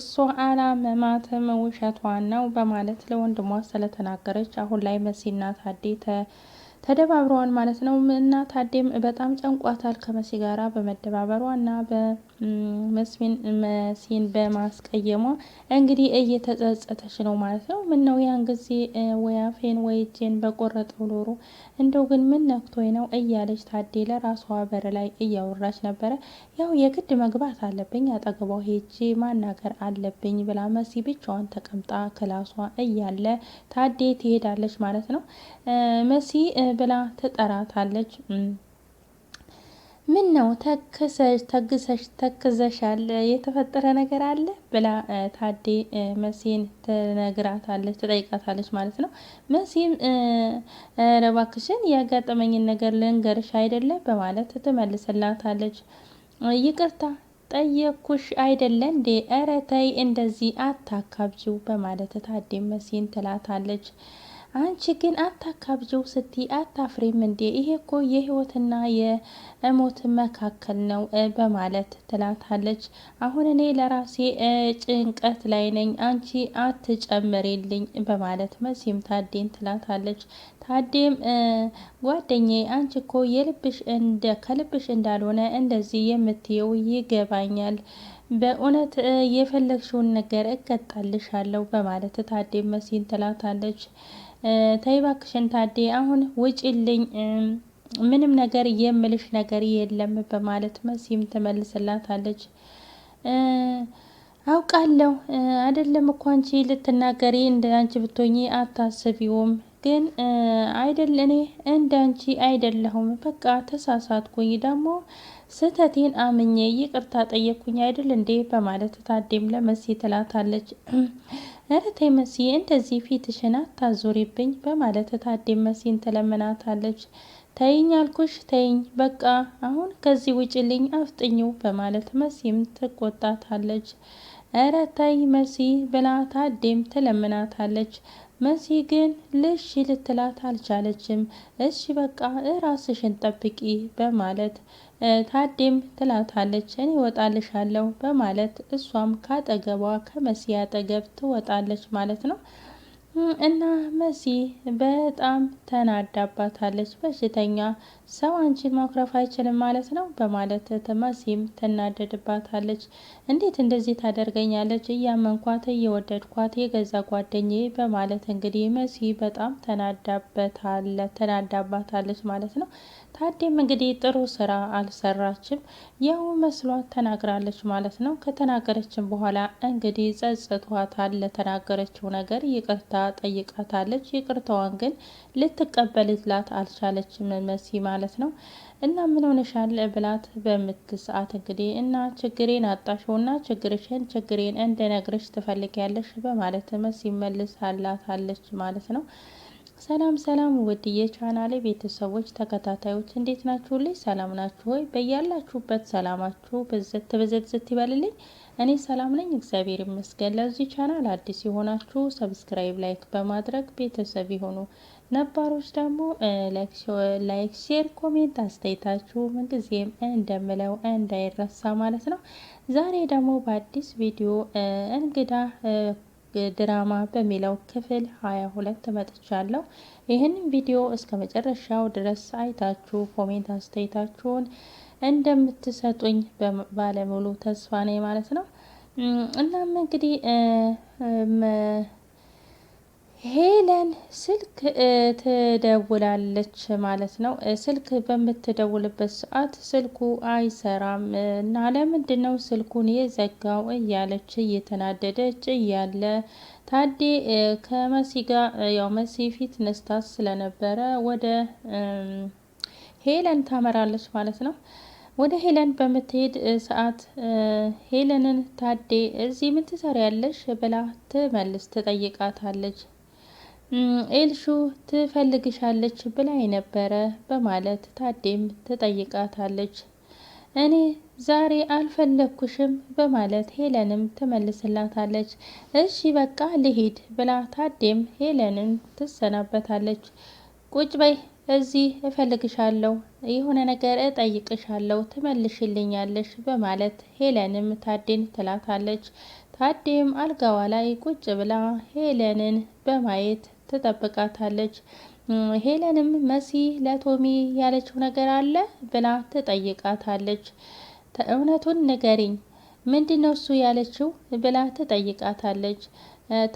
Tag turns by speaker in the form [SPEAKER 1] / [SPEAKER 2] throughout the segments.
[SPEAKER 1] እሱ አላመማትም ውሸቷን ነው በማለት ለወንድሟ ስለተናገረች አሁን ላይ መሲና ታዴ ተደባብረዋል ማለት ነው። እና ታዴም በጣም ጨንቋታል ከመሲ ጋራ በመደባበሯ እና መሲን በማስቀየሟ እንግዲህ እየተጸጸተች ነው ማለት ነው። ምን ነው ያን ጊዜ ወይ አፌን ወይ እጄን በቆረጠው ኖሮ እንደው ግን ምን ነክቶኝ ነው እያለች ታዴ ለራሷ በር ላይ እያወራች ነበረ። ያው የግድ መግባት አለብኝ አጠገቧ ሄጄ ማናገር አለብኝ ብላ መሲ ብቻዋን ተቀምጣ ክላሷ እያለ ታዴ ትሄዳለች ማለት ነው። መሲ ብላ ትጠራታለች። ምን ነው ተክዘሽ ተግዘሽ ተክዘሻል የተፈጠረ ነገር አለ ብላ ታዴ መሲን ትነግራታለች ትጠይቃታለች ማለት ነው። መሲም ረባክሽን ያጋጠመኝን ነገር ልንገርሽ አይደለ በማለት ትመልስላታለች። ይቅርታ ጠየኩሽ አይደለ እንዴ? ኧረ ተይ እንደዚህ አታካብጂው በማለት ታዴ መሲን ትላታለች። አንቺ ግን አታካብጀው ስቲ አታፍሬም እንዴ? ይሄ እኮ የህይወትና የሞት መካከል ነው በማለት ትላታለች። አሁን እኔ ለራሴ ጭንቀት ላይ ነኝ፣ አንቺ አትጨምሬልኝ በማለት መሲም ታዴን ትላታለች። ታዴም ጓደኛዬ፣ አንቺ እኮ የልብሽ እንደ ከልብሽ እንዳልሆነ እንደዚህ የምትየው ይገባኛል በእውነት የፈለግሽውን ነገር እቀጣልሻለሁ በማለት ታዴ መሲን ትላታለች። ተይ እባክሽን ታዴ አሁን ውጭልኝ ምንም ነገር የምልሽ ነገር የለም በማለት መሲም ትመልስላታለች። አውቃለሁ አይደለም እኮ አንቺ ልትናገሪ እንደ አንቺ ብትሆኚ አታስቢውም፣ ግን አይደል እኔ እንደ አንቺ አይደለሁም። በቃ ተሳሳትኩኝ፣ ደግሞ ስህተቴን አምኜ ይቅርታ ጠየቅኩኝ አይደል እንዴ በማለት ታዴም ለመሲ ትላታለች። እረ ተይ መሲ እንደዚህ ፊትሽን አታዙሪብኝ በማለት ታዴ መሲን ትለምናታለች። ተይኝ አልኩሽ ተይኝ፣ በቃ አሁን ከዚህ ውጭልኝ አፍጥኙ በማለት መሲም ትቆጣታለች። እረ ተይ መሲ ብላ ታዴም ትለምናታለች። መሲ ግን ልሽ ልትላት አልቻለችም። እሺ በቃ እራስሽን ጠብቂ በማለት ታዴም ትላታለች እኔ እወጣልሻለሁ በማለት እሷም ካጠገቧ ከመሲ አጠገብ ትወጣለች ማለት ነው። እና መሲ በጣም ተናዳባታለች በሽተኛ ሰው አንቺን ማኩረፍ አይችልም ማለት ነው በማለት ትመሲም ትናደድባታለች። እንዴት እንደዚህ ታደርገኛለች? እያመንኳት እየወደድኳት የገዛ ጓደኛዬ በማለት እንግዲህ መሲ በጣም ተናዳባታለች ማለት ነው። ታዴም እንግዲህ ጥሩ ስራ አልሰራችም ያው መስሏት ተናግራለች ማለት ነው። ከተናገረችም በኋላ እንግዲህ ጸጽቷታል። ለተናገረችው ነገር ይቅርታ ጠይቃታለች። ይቅርታዋን ግን ልትቀበልላት አልቻለችም መሲ ማለት ማለት ነው። እና ምን ሆነሻል ብላት በምትል ሰዓት እንግዲህ እና ችግሬን አጣሽው እና ችግርሽን ችግሬን እንድነግርሽ ትፈልጊያለሽ በማለት መስ ይመልስ አላታለች ማለት ነው። ሰላም ሰላም ውድ የቻናሌ ቤተሰቦች ተከታታዮች እንዴት ናችሁልኝ? ሰላም ናችሁ ወይ? በያላችሁበት ሰላማችሁ ብዝት ብዝት ይበልልኝ። እኔ ሰላም ነኝ፣ እግዚአብሔር ይመስገን። ለዚህ ቻናል አዲስ የሆናችሁ ሰብስክራይብ፣ ላይክ በማድረግ ቤተሰብ ይሁኑ። ነባሮች ደግሞ ላይክ፣ ሼር፣ ኮሜንት አስተያየታችሁ ምንጊዜም እንደምለው እንዳይረሳ ማለት ነው። ዛሬ ደግሞ በአዲስ ቪዲዮ እንግዳ ድራማ በሚለው ክፍል ሀያ ሁለት መጥቻለሁ። ይህንን ቪዲዮ እስከ መጨረሻው ድረስ አይታችሁ ኮሜንት አስተያየታችሁን እንደምትሰጡኝ ባለሙሉ ተስፋ ነኝ ማለት ነው። እናም እንግዲህ ሄለን ስልክ ትደውላለች ማለት ነው። ስልክ በምትደውልበት ሰዓት ስልኩ አይሰራም እና ለምንድን ነው ስልኩን የዘጋው እያለች እየተናደደች እያለ ታዴ ከመሲ ጋር ያው መሲ ፊት ነስታት ስለነበረ ወደ ሄለን ታመራለች ማለት ነው። ወደ ሄለን በምትሄድ ሰዓት ሄለንን ታዴ እዚህ ምን ትሰሪያለሽ ብላ ትመልስ ትጠይቃታለች። ኤልሹ ትፈልግሻለች ብላይ ነበረ በማለት ታዴም ትጠይቃታለች። እኔ ዛሬ አልፈለግኩሽም በማለት ሄለንም ትመልስላታለች። እሺ በቃ ልሂድ ብላ ታዴም ሄለንን ትሰናበታለች። ቁጭ በይ እዚህ እፈልግሻለሁ፣ የሆነ ነገር እጠይቅሻለሁ፣ ትመልሽልኛለሽ በማለት ሄለንም ታዴን ትላታለች። ታዴም አልጋዋ ላይ ቁጭ ብላ ሄለንን በማየት ትጠብቃታለች። ሄለንም መሲ ለቶሚ ያለችው ነገር አለ ብላ ትጠይቃታለች። እውነቱን ንገሪኝ ምንድን ነው እሱ ያለችው ብላ ትጠይቃታለች።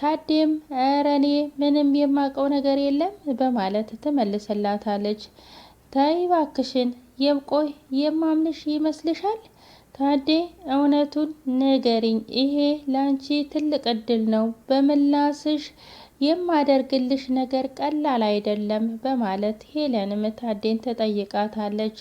[SPEAKER 1] ታዴም ኧረ እኔ ምንም የማውቀው ነገር የለም በማለት ትመልስላታለች። ተይ እባክሽን የቆይ የማምንሽ ይመስልሻል? ታዴ እውነቱን ንገሪኝ፣ ይሄ ላንቺ ትልቅ እድል ነው በምላስሽ የማደርግልሽ ነገር ቀላል አይደለም በማለት ሄለንም ታዴን ተጠይቃታለች።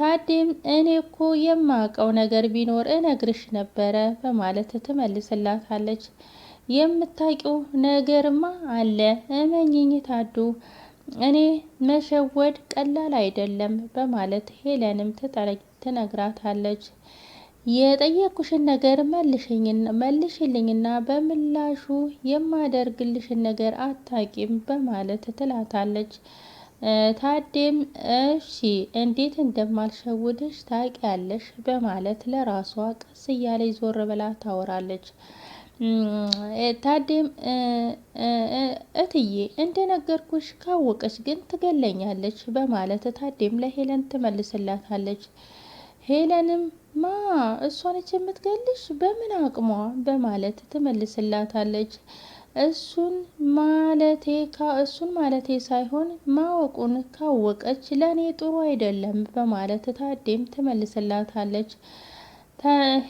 [SPEAKER 1] ታዴም እኔ እኮ የማውቀው ነገር ቢኖር እነግርሽ ነበረ በማለት ትመልስላታለች። የምታውቂው ነገርማ አለ እመኝኝ ታዱ፣ እኔ መሸወድ ቀላል አይደለም በማለት ሄለንም ትነግራታለች። የጠየኩሽን ነገር መልሽልኝና በምላሹ የማደርግልሽን ነገር አታቂም በማለት ትላታለች። ታዴም እሺ እንዴት እንደማልሸውድሽ ታቂያለሽ በማለት ለራሷ ቀስ እያለች ዞር ብላ ታወራለች። ታዴም እትዬ እንደነገርኩሽ ካወቀች ግን ትገለኛለች በማለት ታዴም ለሄለን ትመልስላታለች። ሄለንም ማ እሷ ነች የምትገልሽ? በምን አቅሟ በማለት ትመልስላታለች። እሱን ማለቴ እሱን ማለቴ ሳይሆን ማወቁን ካወቀች ለእኔ ጥሩ አይደለም በማለት ታዴም ትመልስላታለች።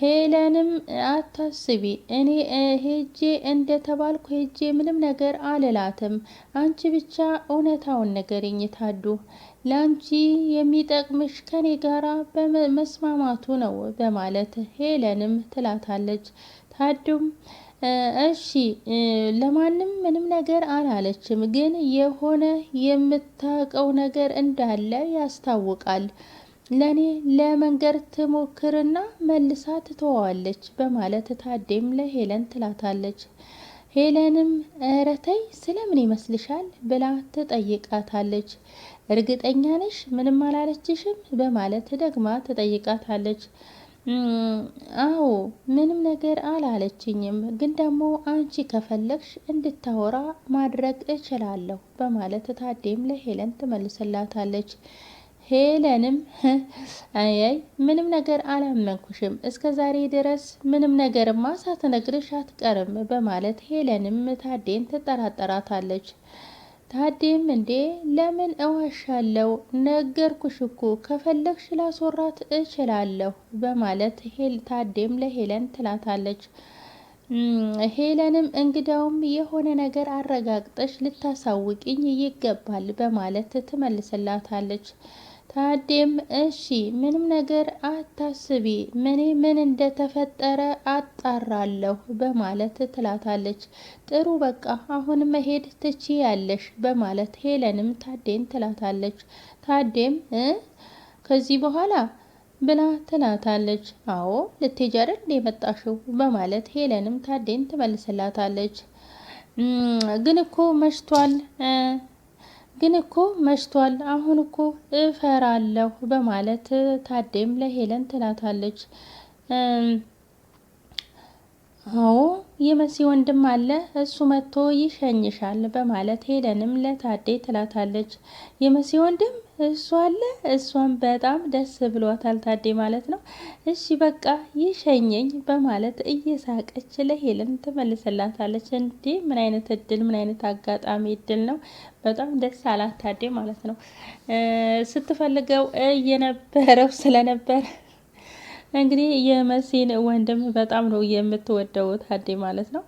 [SPEAKER 1] ሄለንም አታስቢ፣ እኔ ሄጄ ተባልኩ ሄጄ ምንም ነገር አልላትም። አንቺ ብቻ እውነታውን ንገሪኝ ታዱ ላንቺ የሚጠቅምሽ ከኔ ጋራ መስማማቱ ነው በማለት ሄለንም ትላታለች። ታዱም እሺ ለማንም ምንም ነገር አላለችም፣ ግን የሆነ የምታውቀው ነገር እንዳለ ያስታውቃል። ለእኔ ለመንገር ትሞክርና መልሳ ትተዋለች በማለት ታዴም ለሄለን ትላታለች። ሄለንም እረተይ ስለምን ይመስልሻል ብላ ትጠይቃታለች። እርግጠኛ ነሽ? ምንም አላለችሽም? በማለት ደግማ ትጠይቃታለች። አዎ ምንም ነገር አላለችኝም፣ ግን ደግሞ አንቺ ከፈለግሽ እንድታወራ ማድረግ እችላለሁ በማለት ታዴም ለሄለን ትመልስላታለች። ሄለንም አያይ ምንም ነገር አላመንኩሽም፣ እስከ ዛሬ ድረስ ምንም ነገርማ ሳትነግርሽ አትቀርም በማለት ሄለንም ታዴን ትጠራጠራታለች። ታዴም እንዴ ለምን እዋሻለው? ነገርኩሽ እኮ ከፈለግሽ ላስወራት እችላለሁ በማለት ታዴም ለሄለን ትላታለች። ሄለንም እንግዳውም የሆነ ነገር አረጋግጠሽ ልታሳውቂኝ ይገባል በማለት ትመልስላታለች። ታዴም እሺ ምንም ነገር አታስቢ፣ ምኔ ምን እንደተፈጠረ አጣራለሁ በማለት ትላታለች። ጥሩ በቃ አሁን መሄድ ትችያለሽ በማለት ሄለንም ታዴን ትላታለች። ታዴም እ ከዚህ በኋላ ብላ ትላታለች። አዎ ልትሄጂ አይደል የመጣሽው በማለት ሄለንም ታዴን ትመልስላታለች። ግን እኮ መሽቷል ግን እኮ መሽቷል፣ አሁን እኮ እፈራለሁ በማለት ታዴም ለሄለን ትላታለች። አዎ የመሲ ወንድም አለ እሱ መጥቶ ይሸኝሻል በማለት ሄለንም ለታዴ ትላታለች። የመሲ ወንድም እሱ አለ። እሷም በጣም ደስ ብሏታል ታዴ ማለት ነው። እሺ በቃ ይሸኘኝ በማለት እየሳቀች ለሄለን ትመልስላታለች። እንዴ ምን አይነት እድል ምን አይነት አጋጣሚ እድል ነው! በጣም ደስ አላት ታዴ ማለት ነው። ስትፈልገው እየነበረው ስለነበር እንግዲህ የመሲን ወንድም በጣም ነው የምትወደው ታዴ ማለት ነው።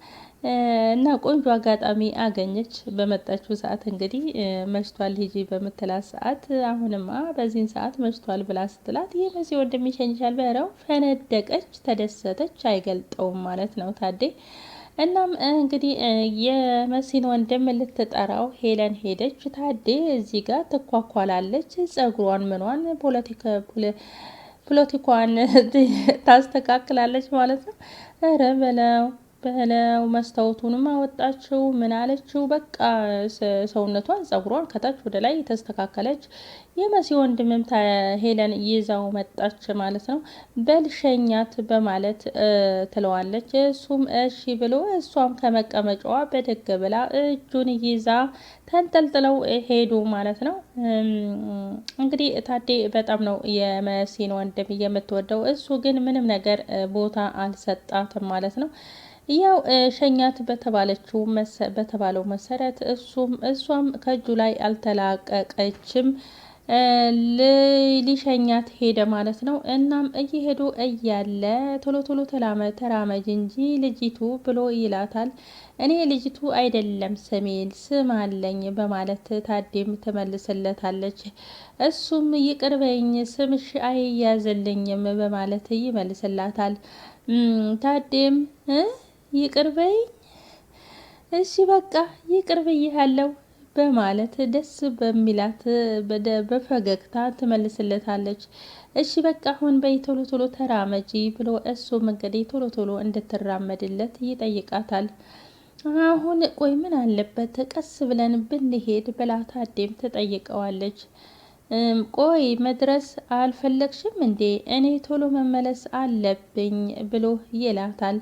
[SPEAKER 1] እና ቆንጆ አጋጣሚ አገኘች። በመጣችው ሰዓት እንግዲህ መሽቷል ሂጂ በምትላት ሰዓት አሁንማ በዚህን ሰዓት መሽቷል ብላ ስትላት ይህ መቼ ወንድም ይሸኝሻል በረው ፈነደቀች፣ ተደሰተች። አይገልጠውም ማለት ነው ታዴ። እናም እንግዲህ የመሲን ወንድም ልትጠራው ሄለን ሄደች። ታዴ እዚህ ጋር ትኳኳላለች፣ ጸጉሯን ምኗን ፖለቲካ ፖለቲኳን ታስተካክላለች ማለት ነው። ረ በለው በለው መስታወቱንም አወጣችው። ምን አለችው? በቃ ሰውነቷን፣ ጸጉሯን ከታች ወደ ላይ ተስተካከለች። የመሲ ወንድምም ሄለን ይዛው መጣች ማለት ነው። በልሸኛት በማለት ትለዋለች። እሱም እሺ ብሎ እሷም ከመቀመጫዋ በደገ ብላ እጁን ይዛ ተንጠልጥለው ሄዱ ማለት ነው። እንግዲህ ታዴ በጣም ነው የመሲን ወንድም የምትወደው። እሱ ግን ምንም ነገር ቦታ አልሰጣትም ማለት ነው። ያው ሸኛት በተባለችው በተባለው መሰረት እሱም እሷም ከእጁ ላይ አልተላቀቀችም። ሊሸኛት ሄደ ማለት ነው። እናም እየሄዱ እያለ ቶሎ ቶሎ ተላመ ተራመጅ እንጂ ልጅቱ ብሎ ይላታል። እኔ ልጅቱ አይደለም ስሜል ስም አለኝ በማለት ታዴም ትመልስለታለች። እሱም ይቅርበኝ ስምሽ አይያዝልኝም በማለት ይመልስላታል። ታዴም ይቅርበኝ፣ እሺ በቃ ይቅርብያለሁ በማለት ደስ በሚላት በፈገግታ ትመልስለታለች። እሺ በቃ አሁን በይ ቶሎ ቶሎ ተራመጂ ብሎ እሱ እንግዲህ ቶሎ ቶሎ እንድትራመድለት ይጠይቃታል። አሁን ቆይ ምን አለበት ቀስ ብለን ብንሄድ ብላ ታዴም ትጠይቀዋለች። ቆይ መድረስ አልፈለግሽም እንዴ? እኔ ቶሎ መመለስ አለብኝ ብሎ ይላታል።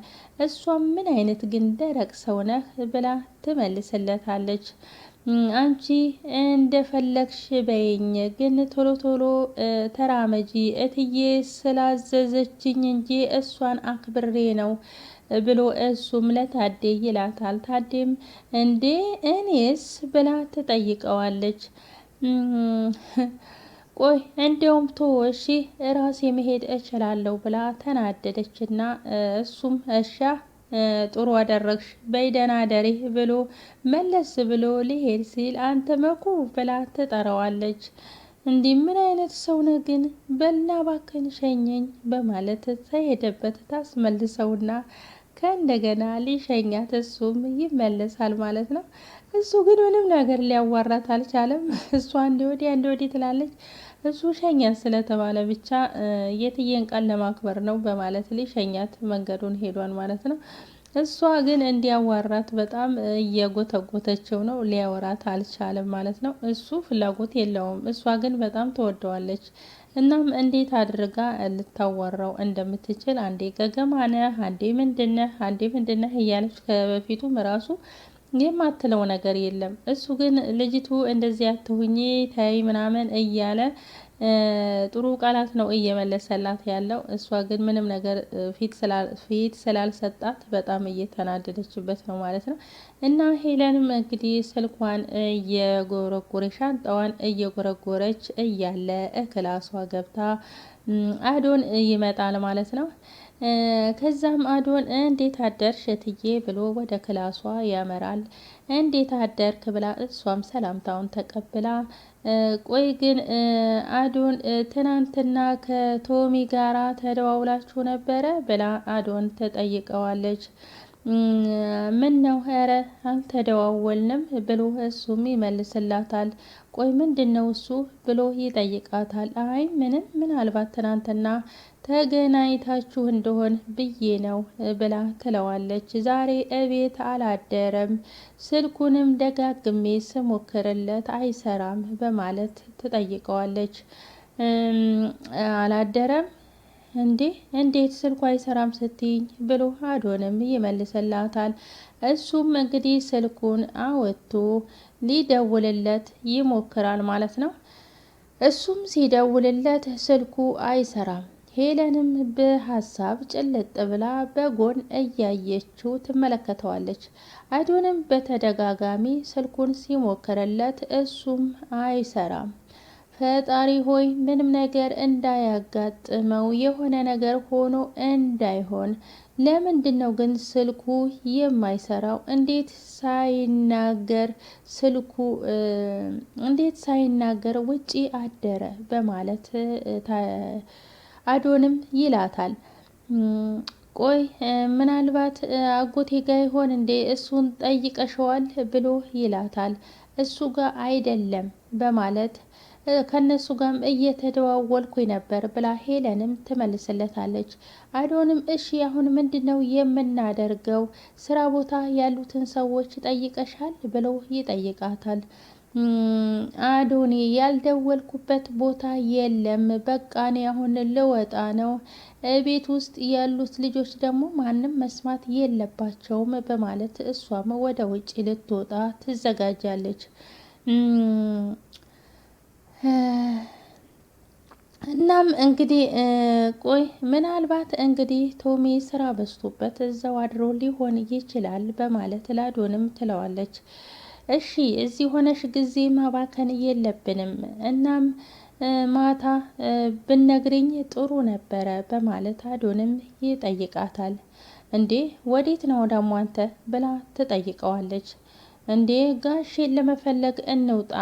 [SPEAKER 1] እሷም ምን አይነት ግን ደረቅ ሰው ነህ ብላ ትመልስለታለች። አንቺ እንደፈለግሽ በይኝ፣ ግን ቶሎ ቶሎ ተራመጂ እትዬ ስላዘዘችኝ እንጂ እሷን አክብሬ ነው ብሎ እሱም ለታዴ ይላታል። ታዴም እንዴ እኔስ ብላ ትጠይቀዋለች። ቆይ እንደውም ቶ እሺ ራሴ መሄድ እችላለሁ ብላ ተናደደች ና እሱም እሻ ጥሩ አደረግሽ በይደና ደሪ ብሎ መለስ ብሎ ሊሄድ ሲል አንተ መኩ ብላ ትጠራዋለች። እንዲህ ምን አይነት ሰው ነህ ግን በልና ባክን ሸኘኝ በማለት ተሄደበት ታስመልሰውና ከእንደገና ሊሸኛት እሱም ይመለሳል ማለት ነው። እሱ ግን ምንም ነገር ሊያዋራት አልቻለም። እሷ እንዲ ወዲ እንዲ ወዲ ትላለች። እሱ ሸኛት ስለተባለ ብቻ የትዬን ቃል ለማክበር ነው በማለት ሸኛት መንገዱን ሄዷን ማለት ነው። እሷ ግን እንዲያዋራት በጣም እየጎተጎተችው ነው። ሊያወራት አልቻለም ማለት ነው። እሱ ፍላጎት የለውም። እሷ ግን በጣም ትወደዋለች። እናም እንዴት አድርጋ ልታወራው እንደምትችል አንዴ ገገማነህ፣ አንዴ ምንድነህ፣ አንዴ ምንድነህ እያለች ከበፊቱም ራሱ የማትለው ነገር የለም። እሱ ግን ልጅቱ እንደዚህ አትሁኚ ተይ ምናምን እያለ ጥሩ ቃላት ነው እየመለሰላት ያለው። እሷ ግን ምንም ነገር ፊት ስላልሰጣት በጣም እየተናደደችበት ነው ማለት ነው። እና ሄለንም እንግዲህ ስልኳን እየጎረጎረ ሻንጣዋን እየጎረጎረች እያለ ክላሷ ገብታ አዶን ይመጣል ማለት ነው። ከዛም አዶን እንዴት አደርሽ እትዬ ብሎ ወደ ክላሷ ያመራል። እንዴት አደርክ ብላ እሷም ሰላምታውን ተቀብላ ቆይ ግን አዶን ትናንትና ከቶሚ ጋራ ተደዋውላችሁ ነበረ ብላ አዶን ትጠይቀዋለች። ምን ነው ኧረ አልተደዋወልንም ብሎ እሱም ይመልስላታል። ቆይ ምንድን ነው እሱ ብሎ ይጠይቃታል። አይ ምንም፣ ምናልባት ትናንትና ተገናኝታችሁ እንደሆን ብዬ ነው ብላ ትለዋለች። ዛሬ እቤት አላደረም፣ ስልኩንም ደጋግሜ ስሞክርለት አይሰራም በማለት ትጠይቀዋለች። አላደረም እንዴ እንዴት ስልኩ አይሰራም ስትይኝ ብሎ አዶንም ይመልስላታል። እሱም እንግዲህ ስልኩን አወጥቶ ሊደውልለት ይሞክራል ማለት ነው። እሱም ሲደውልለት ስልኩ አይሰራም። ሄለንም በሀሳብ ጭልጥ ብላ በጎን እያየችው ትመለከተዋለች። አዶንም በተደጋጋሚ ስልኩን ሲሞክርለት እሱም አይሰራም። ፈጣሪ ሆይ ምንም ነገር እንዳያጋጥመው የሆነ ነገር ሆኖ እንዳይሆን። ለምንድን ነው ግን ስልኩ የማይሰራው? እንዴት ሳይናገር ስልኩ እንዴት ሳይናገር ውጪ አደረ? በማለት አዶንም ይላታል። ቆይ ምናልባት አጎቴ ጋ ይሆን እንዴ እሱን ጠይቀሸዋል? ብሎ ይላታል። እሱ ጋር አይደለም በማለት ከነሱ ጋም እየተደዋወልኩኝ ነበር ብላ ሄለንም ትመልስለታለች። አዶንም እሺ አሁን ምንድን ነው የምናደርገው? ስራ ቦታ ያሉትን ሰዎች ጠይቀሻል? ብለው ይጠይቃታል። አዶኔ ያልደወልኩበት ቦታ የለም። በቃ እኔ አሁን ልወጣ ነው። ቤት ውስጥ ያሉት ልጆች ደግሞ ማንም መስማት የለባቸውም በማለት እሷም ወደ ውጭ ልትወጣ ትዘጋጃለች። እናም እንግዲህ ቆይ ምናልባት እንግዲህ ቶሚ ስራ በዝቶበት እዛው አድሮ ሊሆን ይችላል በማለት ላዶንም ትለዋለች። እሺ እዚህ ሆነሽ ጊዜ ማባከን የለብንም እናም ማታ ብነግርኝ ጥሩ ነበረ በማለት አዶንም ይጠይቃታል። እንዴ ወዴት ነው ደሞ አንተ ብላ ትጠይቀዋለች። እንዴ ጋሼን ለመፈለግ እንውጣ፣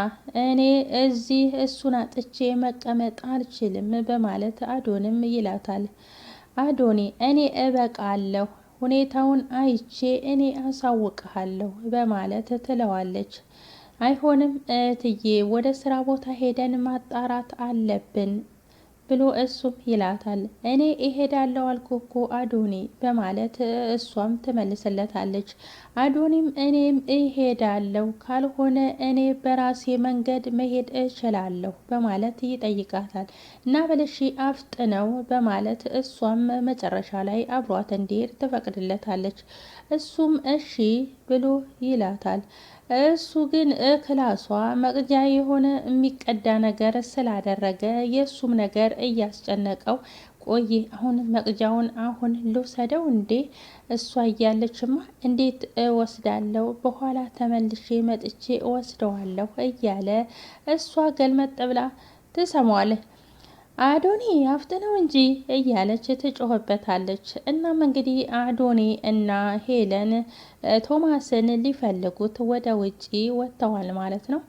[SPEAKER 1] እኔ እዚህ እሱን አጥቼ መቀመጥ አልችልም በማለት አዶንም ይላታል። አዶኔ እኔ እበቃለሁ፣ ሁኔታውን አይቼ እኔ አሳውቅሃለሁ በማለት ትለዋለች። አይሆንም እህትዬ፣ ወደ ስራ ቦታ ሄደን ማጣራት አለብን ብሎ እሱም ይላታል። እኔ እሄዳለሁ አልኩ እኮ አዶኒ በማለት እሷም ትመልስለታለች። አዶኒም እኔም እሄዳለሁ ካልሆነ እኔ በራሴ መንገድ መሄድ እችላለሁ በማለት ይጠይቃታል። እና በለሺ አፍጥነው በማለት እሷም መጨረሻ ላይ አብሯት እንዲሄድ ትፈቅድለታለች። እሱም እሺ ብሎ ይላታል። እሱ ግን ክላሷ መቅጃ የሆነ የሚቀዳ ነገር ስላደረገ የእሱም ነገር እያስጨነቀው ቆይ አሁን መቅጃውን አሁን ልውሰደው እንዴ? እሷ እያለችማ እንዴት እወስዳለው? በኋላ ተመልሼ መጥቼ እወስደዋለሁ እያለ እሷ ገልመጥ ብላ ትሰማዋለህ አዶኒ ነው እንጂ እያለች ትጮህበታለች። እናም እንግዲህ አዶኒ እና ሄለን ቶማስን ሊፈልጉት ወደ ውጪ ወጥተዋል ማለት ነው።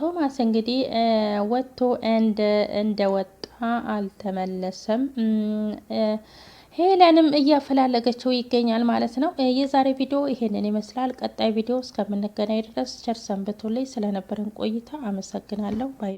[SPEAKER 1] ቶማስ እንግዲህ ወጥቶ እንደወጣ አልተመለሰም። ሄለንም እያፈላለገችው ይገኛል ማለት ነው። የዛሬ ቪዲዮ ይሄንን ይመስላል። ቀጣይ ቪዲዮ እስከምንገናኝ ድረስ ቸር ሰንብቱልኝ። ስለነበረን ቆይታ አመሰግናለሁ ባይ